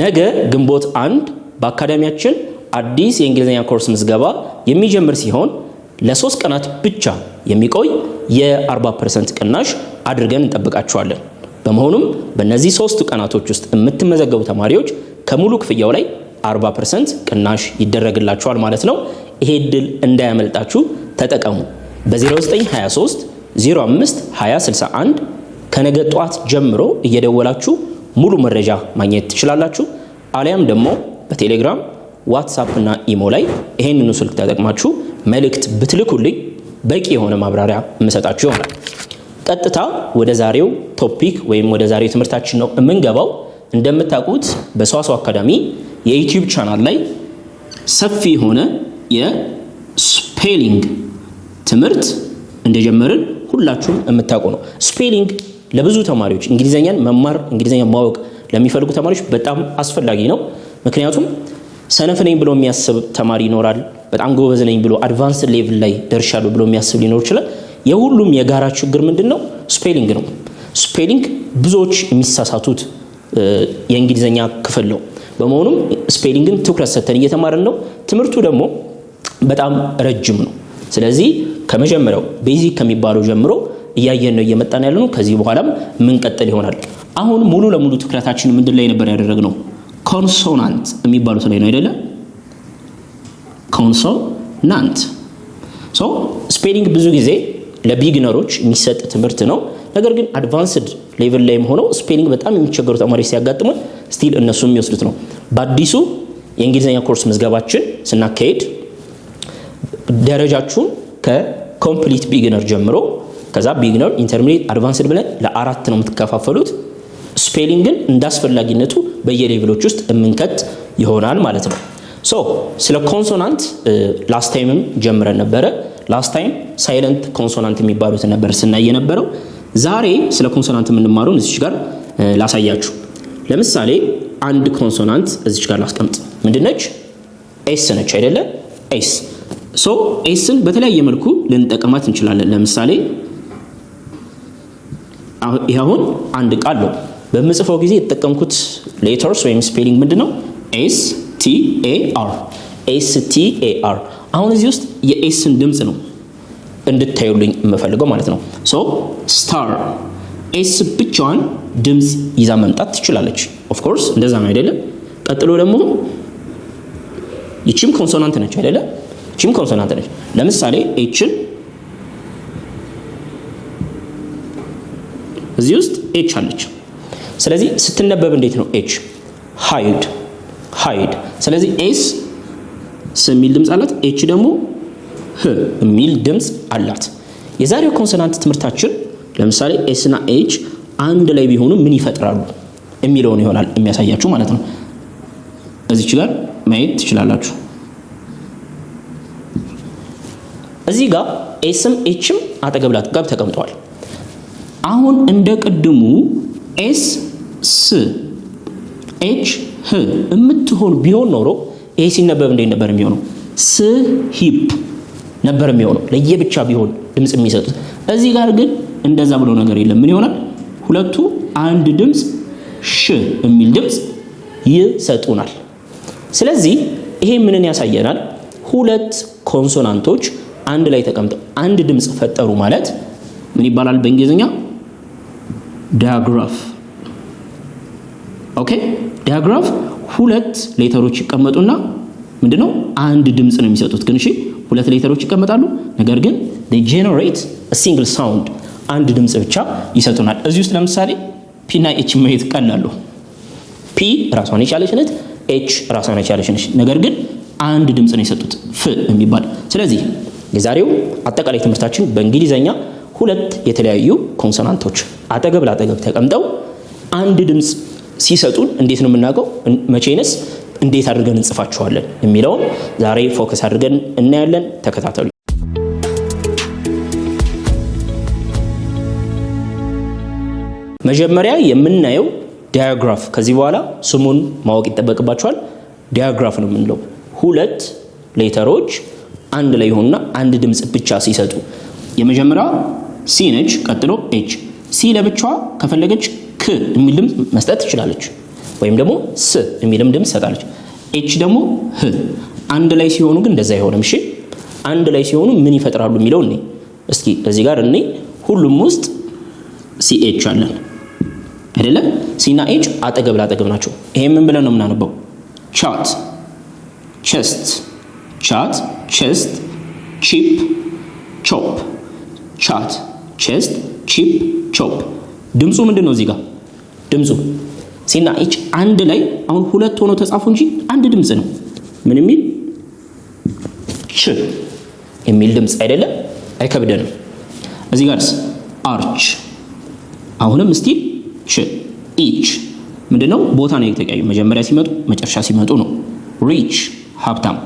ነገ ግንቦት አንድ በአካዳሚያችን አዲስ የእንግሊዝኛ ኮርስ ምዝገባ የሚጀምር ሲሆን ለሶስት ቀናት ብቻ የሚቆይ የ40 ፐርሰንት ቅናሽ አድርገን እንጠብቃችኋለን። በመሆኑም በእነዚህ ሶስቱ ቀናቶች ውስጥ የምትመዘገቡ ተማሪዎች ከሙሉ ክፍያው ላይ 40 ፐርሰንት ቅናሽ ይደረግላችኋል ማለት ነው። ይሄ እድል እንዳያመልጣችሁ ተጠቀሙ። በ0923 05 2061 ከነገ ጠዋት ጀምሮ እየደወላችሁ ሙሉ መረጃ ማግኘት ትችላላችሁ። አሊያም ደግሞ በቴሌግራም ዋትሳፕ እና ኢሞ ላይ ይሄንኑ ስልክ ተጠቅማችሁ መልእክት ብትልኩልኝ በቂ የሆነ ማብራሪያ የምሰጣችሁ ይሆናል። ቀጥታ ወደ ዛሬው ቶፒክ ወይም ወደ ዛሬው ትምህርታችን ነው የምንገባው። እንደምታውቁት በሰዋሰው አካዳሚ የዩቲዩብ ቻናል ላይ ሰፊ የሆነ የስፔሊንግ ትምህርት እንደጀመርን ሁላችሁም የምታውቁ ነው። ስፔሊንግ ለብዙ ተማሪዎች እንግሊዘኛን መማር እንግሊዘኛ ማወቅ ለሚፈልጉ ተማሪዎች በጣም አስፈላጊ ነው። ምክንያቱም ሰነፍ ነኝ ብሎ የሚያስብ ተማሪ ይኖራል። በጣም ጎበዝ ነኝ ብሎ አድቫንስ ሌቭል ላይ ደርሻለሁ ብሎ የሚያስብ ሊኖር ይችላል። የሁሉም የጋራ ችግር ምንድን ነው? ስፔሊንግ ነው። ስፔሊንግ ብዙዎች የሚሳሳቱት የእንግሊዘኛ ክፍል ነው። በመሆኑም ስፔሊንግን ትኩረት ሰጥተን እየተማርን ነው። ትምህርቱ ደግሞ በጣም ረጅም ነው። ስለዚህ ከመጀመሪያው ቤዚክ ከሚባለው ጀምሮ እያየን ነው እየመጣን ያለ ነው። ከዚህ በኋላም ምንቀጥል ይሆናል። አሁን ሙሉ ለሙሉ ትኩረታችን ምንድን ላይ ነበር ያደረግነው? ኮንሶናንት የሚባሉት ላይ ነው አይደለ? ኮንሶናንት ሶ ስፔሊንግ ብዙ ጊዜ ለቢግነሮች የሚሰጥ ትምህርት ነው። ነገር ግን አድቫንስድ ሌቭል ላይም ሆነው ስፔሊንግ በጣም የሚቸገሩ ተማሪዎች ሲያጋጥሙ ስቲል እነሱ የሚወስዱት ነው። በአዲሱ የእንግሊዝኛ ኮርስ ምዝገባችን ስናካሄድ ደረጃችሁን ከኮምፕሊት ቢግነር ጀምሮ ከዛ ቢግነር፣ ኢንተርሚዲት፣ አድቫንስድ ብለን ለአራት ነው የምትከፋፈሉት። ስፔሊንግን እንዳስፈላጊነቱ በየሌቭሎች ውስጥ የምንከት ይሆናል ማለት ነው። ሶ ስለ ኮንሶናንት ላስት ታይምም ጀምረን ነበረ። ላስት ታይም ሳይለንት ኮንሶናንት የሚባሉት ነበር ስናይ የነበረው። ዛሬ ስለ ኮንሶናንት የምንማረውን እዚች ጋር ላሳያችሁ። ለምሳሌ አንድ ኮንሶናንት እዚች ጋር ላስቀምጥ። ምንድነች? ኤስ ነች አይደለ? ኤስ ሶ ኤስን በተለያየ መልኩ ልንጠቀማት እንችላለን። ለምሳሌ ይህ አሁን አንድ ቃል ነው። በምጽፈው ጊዜ የተጠቀምኩት ሌተርስ ወይም ስፔሊንግ ምንድን ነው? ኤስ ቲ ኤ አር ኤስ ቲ ኤ አር። አሁን እዚህ ውስጥ የኤስን ድምፅ ነው እንድታዩልኝ የምፈልገው ማለት ነው። ሶ ስታር ኤስ ብቻዋን ድምፅ ይዛ መምጣት ትችላለች። ኦፍኮርስ እንደዛ ነው አይደለም። ቀጥሎ ደግሞ ይቺም ኮንሶናንት ነች አይደለም። ይቺም ኮንሶናንት ነች። ለምሳሌ ኤችን እዚህ ውስጥ ኤች አለች። ስለዚህ ስትነበብ እንዴት ነው? ኤች ሃይድ ሃይድ። ስለዚህ ኤስ ስ የሚል ድምፅ አላት። ኤች ደግሞ ህ የሚል ድምፅ አላት። የዛሬው ኮንሶናንት ትምህርታችን ለምሳሌ ኤስ እና ኤች አንድ ላይ ቢሆኑ ምን ይፈጥራሉ የሚለውን ይሆናል የሚያሳያችሁ ማለት ነው። እዚች ጋር ማየት ትችላላችሁ። እዚህ ጋር ኤስም ኤችም አጠገብ ላጥጋብ ተቀምጠዋል። አሁን እንደ ቅድሙ ኤስ ስ ኤች ህ የምትሆን ቢሆን ኖሮ ይሄ ሲነበብ እንዴት ነበር የሚሆነው? ስ ሂፕ ነበር የሚሆነው ለየብቻ ቢሆን ድምፅ የሚሰጡት። እዚህ ጋር ግን እንደዛ ብሎ ነገር የለም። ምን ይሆናል? ሁለቱ አንድ ድምፅ ሽ የሚል ድምፅ ይሰጡናል። ስለዚህ ይሄ ምንን ያሳየናል? ሁለት ኮንሶናንቶች አንድ ላይ ተቀምጠው አንድ ድምፅ ፈጠሩ ማለት ምን ይባላል በእንግሊዝኛ? ዳያግራፍ ኦኬ። ዳያግራፍ ሁለት ሌተሮች ይቀመጡና ምንድነው አንድ ድምፅ ነው የሚሰጡት። ግን እሺ ሁለት ሌተሮች ይቀመጣሉ። ነገር ግን ዴ generate አ ሲንግል ሳውንድ አንድ ድምፅ ብቻ ይሰጡናል። እዚህ ውስጥ ለምሳሌ ፒ እና ኤች ማየት ቀላሉ። ፒ ራሷን የቻለች ነች፣ ኤች ራሷን የቻለች ነች። ነገር ግን አንድ ድምፅ ነው የሰጡት ፍ የሚባል። ስለዚህ የዛሬው አጠቃላይ ትምህርታችን በእንግሊዘኛ ሁለት የተለያዩ ኮንሶናንቶች አጠገብ ላጠገብ ተቀምጠው አንድ ድምፅ ሲሰጡን እንዴት ነው የምናውቀው? መቼንስ እንዴት አድርገን እንጽፋቸዋለን የሚለውም ዛሬ ፎከስ አድርገን እናያለን። ተከታተሉ። መጀመሪያ የምናየው ዳያግራፍ። ከዚህ በኋላ ስሙን ማወቅ ይጠበቅባቸዋል። ዳያግራፍ ነው የምንለው ሁለት ሌተሮች አንድ ላይ ይሆኑና አንድ ድምፅ ብቻ ሲሰጡ የመጀመሪያዋ ሲ ነች። ቀጥሎ ኤች። ሲ ለብቻዋ ከፈለገች ክ የሚል ድምፅ መስጠት ትችላለች፣ ወይም ደግሞ ስ የሚልም ድምፅ ትሰጣለች። ኤች ደግሞ ህ። አንድ ላይ ሲሆኑ ግን እንደዛ አይሆንም። እሺ አንድ ላይ ሲሆኑ ምን ይፈጥራሉ የሚለው እኔ እስኪ እዚህ ጋር እኔ ሁሉም ውስጥ ሲ ኤች አለን አይደለም? ሲና ኤች አጠገብ ላጠገብ ናቸው። ይሄ ምን ብለን ነው የምናነበው? ቻት፣ ቸስት፣ ቻት፣ ቸስት፣ ቺፕ፣ ቾፕ፣ ቻት ቼስት ቺፕ ቾፕ። ድምፁ ምንድን ነው? እዚህ ጋር ድምፁ ሲና ኢች አንድ ላይ አሁን ሁለት ሆኖ ተጻፉ እንጂ አንድ ድምፅ ነው። ምን የሚል ች የሚል ድምፅ አይደለም። አይከብደንም። እዚህ ጋርስ አርች አሁንም ስቲል ች ኢች ምንድነው? ቦታ ነው የተቀያዩ መጀመሪያ ሲመጡ መጨረሻ ሲመጡ ነው። ሪች ሀብታም፣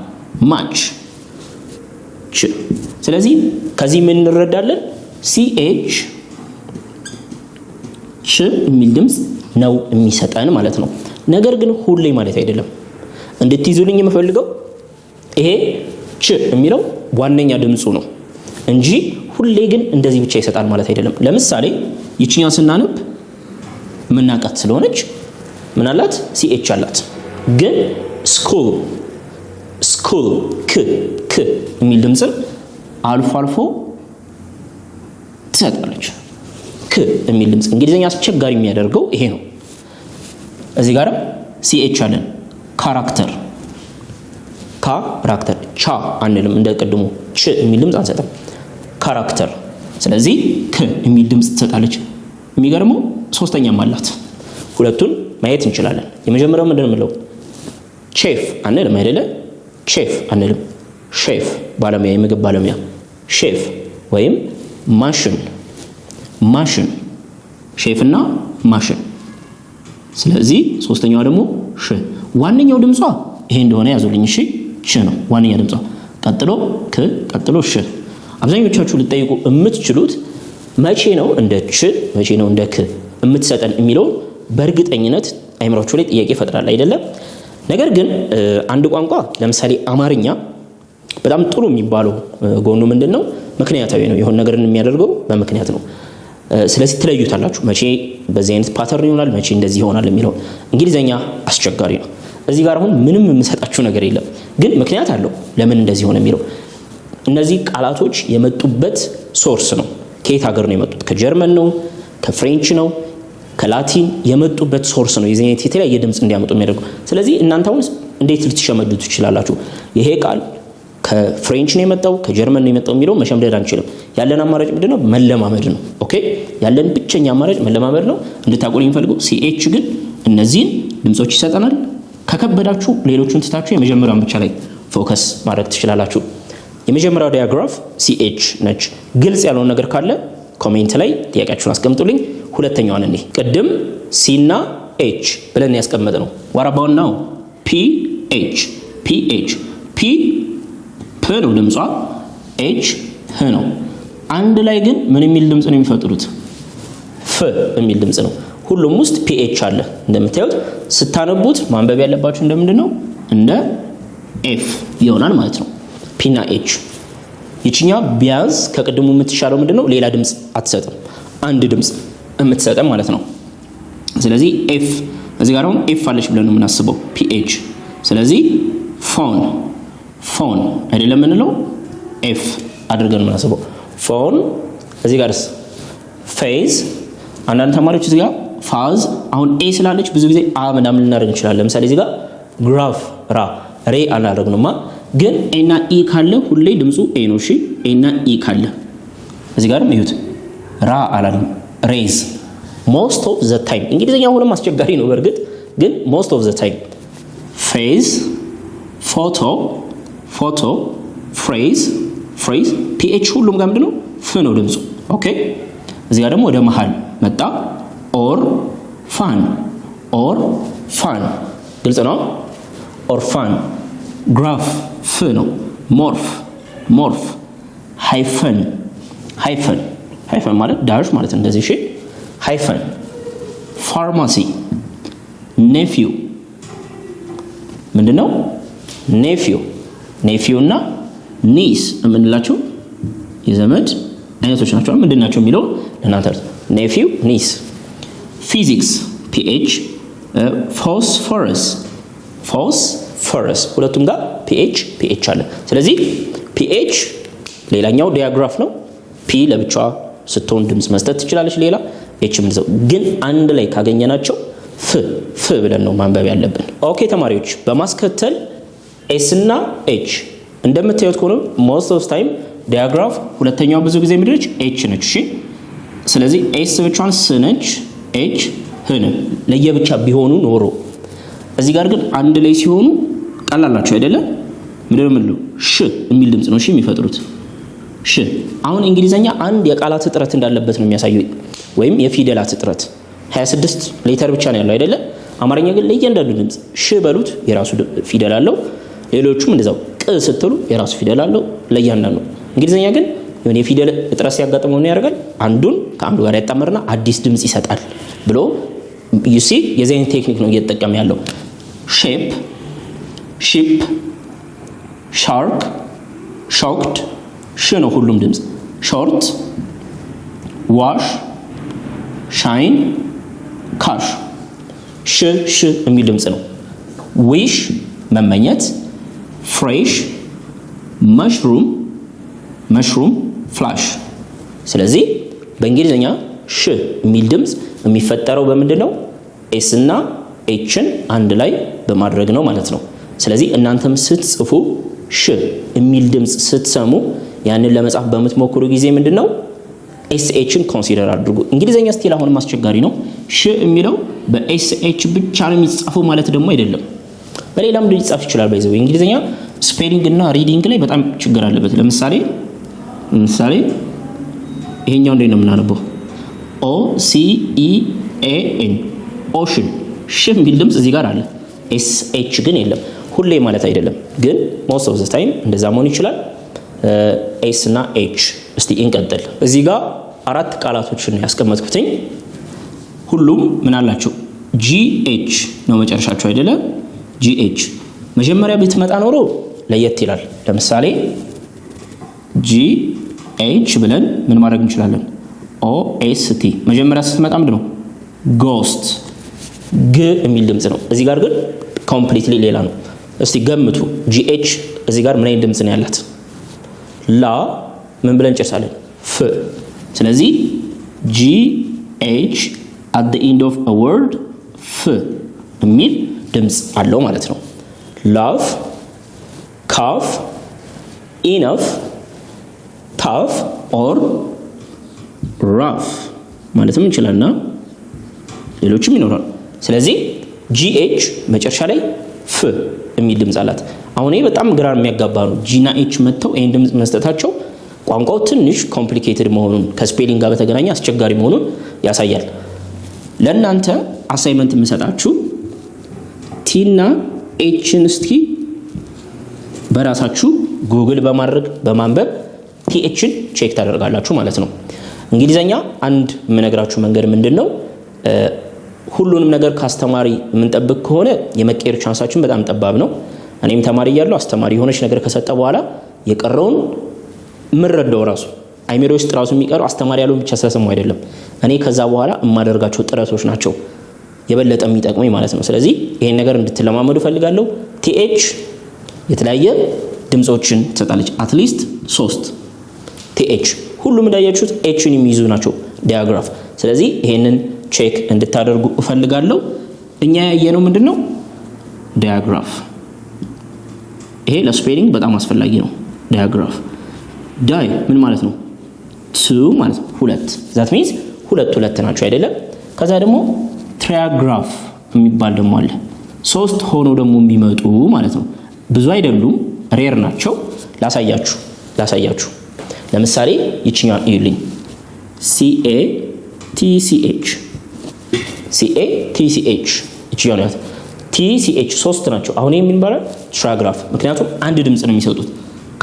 ማች። ስለዚህ ከዚህ ምን እንረዳለን? ሲኤች ች የሚል ድምፅ ነው የሚሰጠን ማለት ነው። ነገር ግን ሁሌ ማለት አይደለም። እንድትይዙልኝ የምፈልገው ይሄ ች የሚለው ዋነኛ ድምፁ ነው እንጂ ሁሌ ግን እንደዚህ ብቻ ይሰጣል ማለት አይደለም። ለምሳሌ ይችኛው ስናነብ ምናቃት ስለሆነች ምን አላት? ሲኤች አላት። ግን ስኩል ስኩል ክ ክ የሚል ድምፅን አልፎ አልፎ ትሰጣለች። ክ የሚል ድምፅ እንግሊዝኛ አስቸጋሪ የሚያደርገው ይሄ ነው። እዚህ ጋርም ሲኤች አለን። ካራክተር ካራክተር ቻ አንልም። እንደ ቅድሙ ች የሚል ድምፅ አንሰጥም። ካራክተር ስለዚህ ክ የሚል ድምፅ ትሰጣለች። የሚገርመው ሶስተኛም አላት። ሁለቱን ማየት እንችላለን። የመጀመሪያው ምንድን ምለው ቼፍ አንልም አይደለ? ቼፍ አንልም። ሼፍ ባለሙያ፣ የምግብ ባለሙያ ሼፍ ወይም ማሽን ማሽን ሼፍና ማሽን። ስለዚህ ሶስተኛዋ ደግሞ ሽ። ዋነኛው ድምጿ ይሄ እንደሆነ ያዙልኝ። እሺ ሽ ነው ዋነኛ ድምጿ። ቀጥሎ ክ፣ ቀጥሎ ሽ። አብዛኞቻችሁ ልጠይቁ የምትችሉት መቼ ነው እንደ ች፣ መቼ ነው እንደ ክ የምትሰጠን የሚለው በእርግጠኝነት አይምራችሁ ላይ ጥያቄ ይፈጥራል አይደለም። ነገር ግን አንድ ቋንቋ ለምሳሌ አማርኛ በጣም ጥሩ የሚባለው ጎኑ ምንድን ነው? ምክንያታዊ ነው። የሆነ ነገርን የሚያደርገው በምክንያት ነው። ስለዚህ ትለዩታላችሁ። መቼ በዚህ አይነት ፓተርን ይሆናል፣ መቼ እንደዚህ ይሆናል የሚለው እንግሊዘኛ አስቸጋሪ ነው። እዚህ ጋር አሁን ምንም የምሰጣችሁ ነገር የለም፣ ግን ምክንያት አለው ለምን እንደዚህ ሆነ የሚለው። እነዚህ ቃላቶች የመጡበት ሶርስ ነው። ከየት ሀገር ነው የመጡት? ከጀርመን ነው፣ ከፍሬንች ነው፣ ከላቲን የመጡበት ሶርስ ነው። የዚህ አይነት የተለያየ ድምፅ እንዲያመጡ የሚያደርገው። ስለዚህ እናንተ አሁን እንዴት ልትሸመዱ ትችላላችሁ? ይሄ ቃል ከፍሬንች ነው የመጣው ከጀርመን ነው የመጣው የሚለው መሸምደድ አንችልም። ያለን አማራጭ ምንድነው? መለማመድ ነው። ኦኬ ያለን ብቸኛ አማራጭ መለማመድ ነው። እንድታቆል የሚፈልገው ሲኤች ግን እነዚህን ድምጾች ይሰጠናል። ከከበዳችሁ ሌሎቹን ትታችሁ የመጀመሪያውን ብቻ ላይ ፎከስ ማድረግ ትችላላችሁ። የመጀመሪያው ዲያግራፍ ሲኤች ነች። ግልጽ ያልሆነ ነገር ካለ ኮሜንት ላይ ጥያቄያችሁን አስቀምጡልኝ። ሁለተኛዋን እኔ ቅድም ሲና ኤች ብለን ያስቀመጥ ነው ዋራባውናው ፒ ኤች ፒ ኤች ፒ ፕ ነው ድምጿ፣ ኤች ህ ነው። አንድ ላይ ግን ምን የሚል ድምፅ ነው የሚፈጥሩት? ፍ የሚል ድምፅ ነው። ሁሉም ውስጥ ፒኤች አለ። እንደምታዩት ስታነቡት ማንበብ ያለባችሁ እንደምንድን ነው እንደ ኤፍ ይሆናል ማለት ነው። ፒና ኤች ይችኛ ቢያንስ ከቅድሙ የምትሻለው ምንድን ነው? ሌላ ድምፅ አትሰጥም፣ አንድ ድምፅ የምትሰጠም ማለት ነው። ስለዚህ ኤፍ እዚህ ጋር አሁን ኤፍ አለች ብለን ነው የምናስበው ፒኤች። ስለዚህ ፎን ፎን አይደለም የምንለው ኤፍ አድርገን የምናስበው ፎን። እዚህ ጋርስ ፌዝ። አንዳንድ ተማሪዎች እዚህ ጋር ፋዝ። አሁን ኤ ስላለች ብዙ ጊዜ አ ምናምን ልናደርግ እንችላለን። ለምሳሌ እዚህ ጋር ግራፍ ራ ሬ አናደርግ ነውማ። ግን ኤና ኢ ካለ ሁሌ ድምፁ ኤ ነው። እሺ ኤና ኢ ካለ እዚህ ጋርም ይሁት ራ አላለም ሬዝ ሞስት ኦፍ ዘ ታይም እንግሊዝኛ አሁንም አስቸጋሪ ነው። በእርግጥ ግን ሞስት ኦፍ ዘ ታይም ፌዝ ፎቶ ፎቶ ፍሬዝ ፍሬዝ ፒኤች ሁሉም ጋር ምንድነው ፍ ነው ድምፁ። ኦኬ እዚህ ጋር ደግሞ ወደ መሃል መጣ። ኦር ፋን ኦር ፋን ግልጽ ነው። ኦርፋን ግራፍ ፍ ነው። ሞርፍ ሞርፍ ሃይፈን ሃይፈን ሃይፈን ማለት ዳሽ ማለት እንደዚህ። እሺ ሃይፈን ፋርማሲ ኔፊው ምንድነው ኔፊው ኔፊዮ እና ኒስ የምንላቸው የዘመድ አይነቶች ናቸው። ምንድን ናቸው የሚለው ለእናንተ ኔፊው፣ ኒስ። ፊዚክስ ፒኤች፣ ፎስ ፎረስ ሁለቱም ጋር ፒኤች ፒኤች አለ። ስለዚህ ፒኤች ሌላኛው ዲያግራፍ ነው። ፒ ለብቻዋ ስትሆን ድምፅ መስጠት ትችላለች። ሌላ ኤች ግን አንድ ላይ ካገኘናቸው ፍ ፍ ብለን ነው ማንበብ ያለብን። ኦኬ ተማሪዎች በማስከተል ኤስ እና ኤች እንደምታዩት ከሆነ ሞስት ኦፍ ታይም ዲያግራፍ ሁለተኛው ብዙ ጊዜ ምድረች ኤች ነች። እሺ ስለዚህ ኤስ ብቻዋን ስ ነች፣ ኤች ህን ለየብቻ ቢሆኑ ኖሮ እዚህ ጋር ግን አንድ ላይ ሲሆኑ ቀላላቸው አይደለም። ምድር ምሉ ሽ የሚል ድምጽ ነው እሺ የሚፈጥሩት ሽ። አሁን እንግሊዘኛ አንድ የቃላት እጥረት እንዳለበት ነው የሚያሳየው፣ ወይም የፊደላት እጥረት 26 ሌተር ብቻ ነው ያለው አይደለም። አማርኛ ግን ለእያንዳንዱ ድምጽ ሽ በሉት የራሱ ፊደል አለው። ሌሎቹም እንደዛው ቅ ስትሉ የራሱ ፊደል አለው ለእያንዳንዱ ነው። እንግሊዝኛ ግን የሆነ የፊደል እጥረት ሲያጋጥመው ምን ያደርጋል? አንዱን ከአንዱ ጋር ያጣመርና አዲስ ድምፅ ይሰጣል ብሎ ዩሲ የዚህ ቴክኒክ ነው እየተጠቀመ ያለው። ሼፕ፣ ሺፕ፣ ሻርክ፣ ሾክድ ሽ ነው ሁሉም ድምፅ። ሾርት፣ ዋሽ፣ ሻይን፣ ካሽ ሽ ሽ የሚል ድምፅ ነው። ዊሽ መመኘት ፍሬሽ መሽሩም መሽሩም ፍላሽ። ስለዚህ በእንግሊዝኛ ሽ የሚል ድምፅ የሚፈጠረው በምንድን ነው? ኤስ እና ኤችን አንድ ላይ በማድረግ ነው ማለት ነው። ስለዚህ እናንተም ስትጽፉ ሽ የሚል ድምፅ ስትሰሙ ያንን ለመጻፍ በምትሞክሩ ጊዜ ምንድን ነው ኤስ ኤችን ኮንሲደር አድርጉ። እንግሊዝኛ ስቲል አሁንም አስቸጋሪ ነው። ሽ የሚለው በኤስ ኤች ብቻ ነው የሚጻፈው ማለት ደግሞ አይደለም። በሌላም ሊጻፍ ይችላል። ባይዘው እንግሊዝኛ ስፔሊንግ እና ሪዲንግ ላይ በጣም ችግር አለበት። ለምሳሌ ለምሳሌ ይሄኛው እንዴት ነው የምናነበው? ኦ ሲ ኢ ኤ ኤን ኦሽን። ሽ የሚል ድምጽ እዚህ ጋር አለ፣ ኤስ ኤች ግን የለም። ሁሌ ማለት አይደለም ግን ሞስት ኦፍ ዘ ታይም እንደዛ መሆን ይችላል። ኤስ uh, እና ኤች። እስቲ እንቀጥል። እዚህ ጋር አራት ቃላቶችን ያስቀመጥኩትኝ ሁሉም ምን አላቸው? ኤች ነው መጨረሻቸው አይደለም ጂኤች መጀመሪያ ብትመጣ ኖሮ ለየት ይላል። ለምሳሌ ጂኤች ብለን ምን ማድረግ እንችላለን? ኦኤስቲ መጀመሪያ ስትመጣ ምንድን ነው? ጎስት ግ የሚል ድምፅ ነው። እዚህ ጋር ግን ኮምፕሊትሊ ሌላ ነው። እስቲ ገምቱ። ጂኤች እዚህ ጋር ምን አይነት ድምፅ ነው ያላት? ላ ምን ብለን እንጨርሳለን? ፍ ስለዚህ ጂኤች አት ኢንድ ኦፍ ወርድ ፍ የሚል ድምፅ አለው ማለት ነው። ላፍ ካፍ፣ ኢነፍ፣ ታፍ ኦር ራፍ ማለትም እንችላልና ሌሎችም ይኖራል። ስለዚህ ጂኤች መጨረሻ ላይ ፍ የሚል ድምፅ አላት። አሁን ይህ በጣም ግራር የሚያጋባ ነው። ጂና ኤች መጥተው ይህን ድምፅ መስጠታቸው ቋንቋው ትንሽ ኮምፕሊኬትድ መሆኑን ከስፔሊንግ ጋር በተገናኘ አስቸጋሪ መሆኑን ያሳያል። ለእናንተ አሳይመንት የምሰጣችሁ ቲና ኤችን እስቲ በራሳችሁ ጉግል በማድረግ በማንበብ ቲኤችን ቼክ ታደርጋላችሁ ማለት ነው። እንግሊዘኛ አንድ የምነግራችሁ መንገድ ምንድን ነው፣ ሁሉንም ነገር ከአስተማሪ የምንጠብቅ ከሆነ የመቀየር ቻንሳችን በጣም ጠባብ ነው። እኔም ተማሪ እያለሁ አስተማሪ የሆነች ነገር ከሰጠ በኋላ የቀረውን የምንረዳው ራሱ አይሜሮ ውስጥ ራሱ የሚቀረው አስተማሪ ያለውን ብቻ ስለሰማሁ አይደለም። እኔ ከዛ በኋላ የማደርጋቸው ጥረቶች ናቸው የበለጠ የሚጠቅመኝ ማለት ነው። ስለዚህ ይሄን ነገር እንድትለማመዱ ፈልጋለሁ። ቲኤች የተለያየ ድምፆችን ትሰጣለች። አትሊስት ሶስት ቲኤች ሁሉም እንዳያችሁት ኤችን የሚይዙ ናቸው ዲያግራፍ። ስለዚህ ይሄንን ቼክ እንድታደርጉ እፈልጋለሁ። እኛ ያየነው ምንድን ነው? ዲያግራፍ። ይሄ ለስፔሊንግ በጣም አስፈላጊ ነው። ዲያግራፍ ዳይ ምን ማለት ነው? ቱ ማለት ነው ሁለት። ዛት ሚንስ ሁለት ሁለት ናቸው አይደለም? ከዛ ደግሞ ትሪያግራፍ የሚባል ደግሞ አለ። ሶስት ሆነው ደግሞ የሚመጡ ማለት ነው። ብዙ አይደሉም፣ ሬር ናቸው። ላሳያችሁ ላሳያችሁ። ለምሳሌ ይችኛዋን እዩልኝ። ሲኤ ቲሲኤች ሲኤ ቲሲኤች ይችኛዋ ናት። ቲሲኤች ሶስት ናቸው። አሁን ይህ የሚባለው ትራግራፍ፣ ምክንያቱም አንድ ድምፅ ነው የሚሰጡት።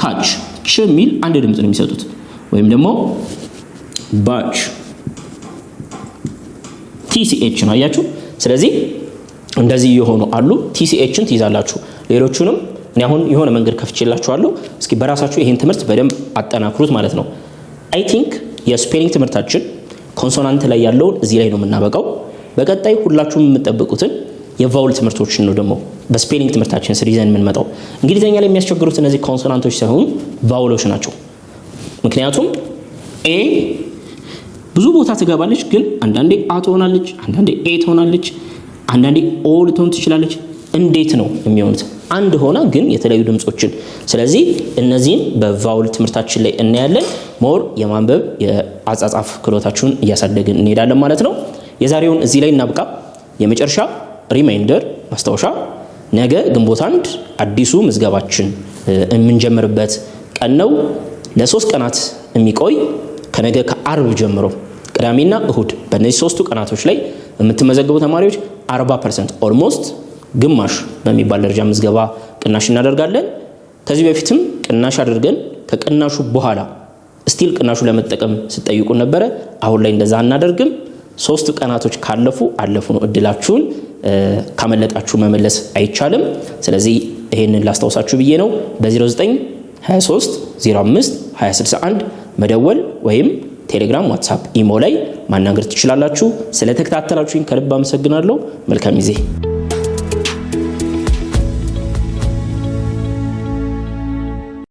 ካች ች የሚል አንድ ድምፅ ነው የሚሰጡት ወይም ደግሞ ባች ቲሲኤች ነው። አያችሁ። ስለዚህ እንደዚህ የሆኑ አሉ። ቲሲኤችን ትይዛላችሁ። ሌሎቹንም እኔ አሁን የሆነ መንገድ ከፍቼላችኋለሁ። እስኪ በራሳችሁ ይህን ትምህርት በደንብ አጠናክሩት ማለት ነው። አይ ቲንክ የስፔሊንግ ትምህርታችን ኮንሶናንት ላይ ያለውን እዚህ ላይ ነው የምናበቃው። በቀጣይ ሁላችሁም የምጠብቁትን የቫውል ትምህርቶችን ነው ደግሞ በስፔሊንግ ትምህርታችን ስር ይዘን የምንመጣው። እንግሊዝኛ ላይ የሚያስቸግሩት እነዚህ ኮንሶናንቶች ሳይሆኑ ቫውሎች ናቸው። ምክንያቱም ኤ ብዙ ቦታ ትገባለች፣ ግን አንዳንዴ አ ትሆናለች፣ አንዳንዴ ኤ ትሆናለች፣ አንዳንዴ ኦ ልትሆን ትችላለች። እንዴት ነው የሚሆኑት? አንድ ሆና ግን የተለያዩ ድምጾችን። ስለዚህ እነዚህን በቫውል ትምህርታችን ላይ እናያለን። ሞር የማንበብ የአጻጻፍ ክህሎታችሁን እያሳደግን እንሄዳለን ማለት ነው። የዛሬውን እዚህ ላይ እናብቃ። የመጨረሻ ሪማይንደር ማስታወሻ፣ ነገ ግንቦት አንድ አዲሱ ምዝገባችን የምንጀምርበት ቀን ነው። ለሶስት ቀናት የሚቆይ ከነገ ከአርብ ጀምሮ ቅዳሜና እሁድ በእነዚህ ሶስቱ ቀናቶች ላይ የምትመዘግቡ ተማሪዎች 40 ፐርሰንት ኦልሞስት ግማሽ በሚባል ደረጃ ምዝገባ ቅናሽ እናደርጋለን። ከዚህ በፊትም ቅናሽ አድርገን ከቅናሹ በኋላ ስቲል ቅናሹ ለመጠቀም ስጠይቁ ነበረ። አሁን ላይ እንደዛ አናደርግም። ሶስቱ ቀናቶች ካለፉ አለፉ ነው። እድላችሁን ካመለጣችሁ መመለስ አይቻልም። ስለዚህ ይሄንን ላስታውሳችሁ ብዬ ነው በ09 23 05 2061 መደወል ወይም ቴሌግራም፣ ዋትሳፕ፣ ኢሞ ላይ ማናገር ትችላላችሁ። ስለተከታተላችሁኝ ከልብ አመሰግናለሁ። መልካም ጊዜ